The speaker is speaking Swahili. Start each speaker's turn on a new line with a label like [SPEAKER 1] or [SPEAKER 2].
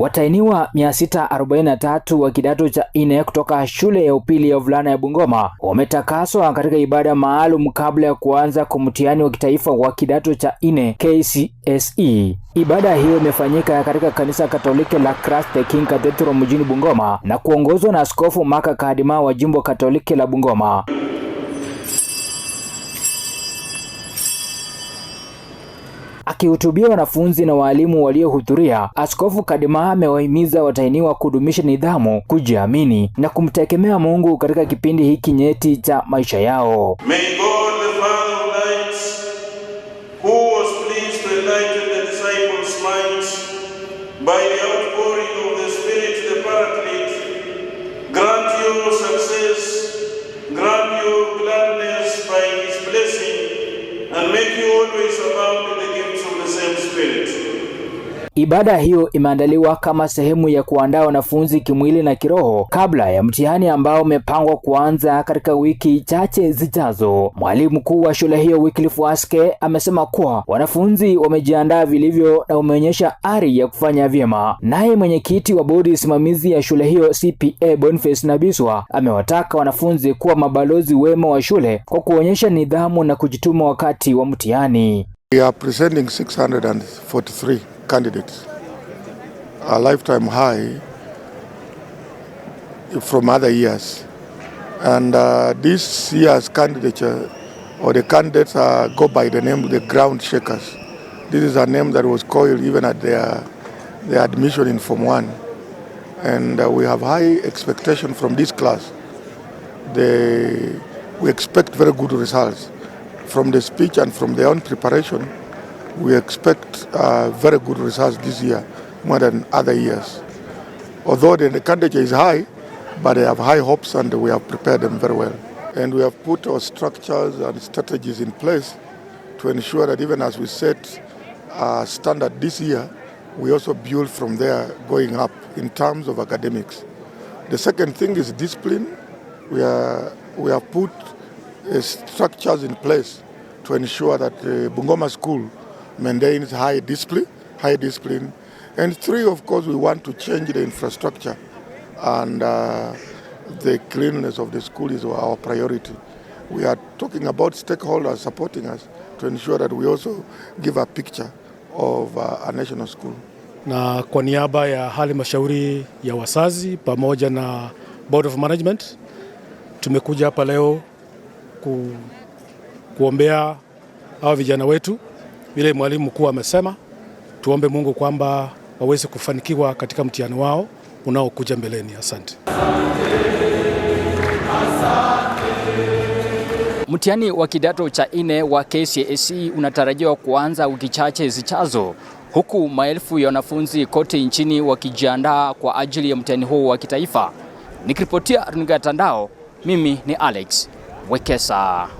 [SPEAKER 1] Watahiniwa 643 wa kidato cha nne kutoka shule ya upili ya wavulana ya Bungoma wametakaswa katika ibada maalum kabla ya kuanza kwa mtihani wa kitaifa wa kidato cha nne KCSE. Ibada hiyo imefanyika katika kanisa Katoliki la Christ the King Cathedral mjini Bungoma na kuongozwa na Askofu Maka Kadima wa jimbo Katoliki la Bungoma. Akihutubia wanafunzi na waalimu waliohudhuria, Askofu Kadima amewahimiza watahiniwa kudumisha nidhamu, kujiamini na kumtegemea Mungu katika kipindi hiki nyeti cha maisha yao.
[SPEAKER 2] Grant gladness by his blessing and make you always abound in the
[SPEAKER 1] Ibada hiyo imeandaliwa kama sehemu ya kuandaa wanafunzi kimwili na kiroho kabla ya mtihani ambao umepangwa kuanza katika wiki chache zijazo. Mwalimu mkuu wa shule hiyo Wycliffe Waske amesema kuwa wanafunzi wamejiandaa vilivyo na wameonyesha ari ya kufanya vyema. Naye mwenyekiti wa bodi simamizi ya shule hiyo CPA Boniface Nabiswa amewataka wanafunzi kuwa mabalozi wema wa shule kwa kuonyesha nidhamu na kujituma wakati wa mtihani.
[SPEAKER 3] We are presenting 643 candidates, a lifetime high from other years. And uh, this year's candidature or the candidates uh, go by the name the ground shakers. This is a name that was coiled even at their, their admission in Form 1. And uh, we have high expectation from this class. They, we expect very good results. From the speech and from their own preparation, we expect uh, very good results this year more than other years. Although the candidature is high, but they have high hopes and we have prepared them very well. And we have put our structures and strategies in place to ensure that even as we set a standard this year, we also build from there going up in terms of academics. The second thing is discipline. We, are, we have put structures in place to ensure that uh, Bungoma School maintains high discipline, high discipline. And three, of course, we want to change the infrastructure and uh, the cleanliness of the school is our priority. We are talking about stakeholders supporting us to ensure that we also give a picture of uh, a national school.
[SPEAKER 4] Na kwa niaba ya halmashauri ya wazazi pamoja na board of management tumekuja hapa leo ku, kuombea hawa vijana wetu, vile mwalimu mkuu amesema, tuombe Mungu kwamba waweze kufanikiwa katika mtihani wao unaokuja mbeleni. Asante,
[SPEAKER 1] Mtihani wa kidato cha nne wa KCSE unatarajiwa kuanza wiki chache zichazo huku maelfu ya wanafunzi kote nchini wakijiandaa kwa ajili ya mtihani huu wa kitaifa. Nikiripotia runinga ya Tandao, mimi ni Alex Wickessa.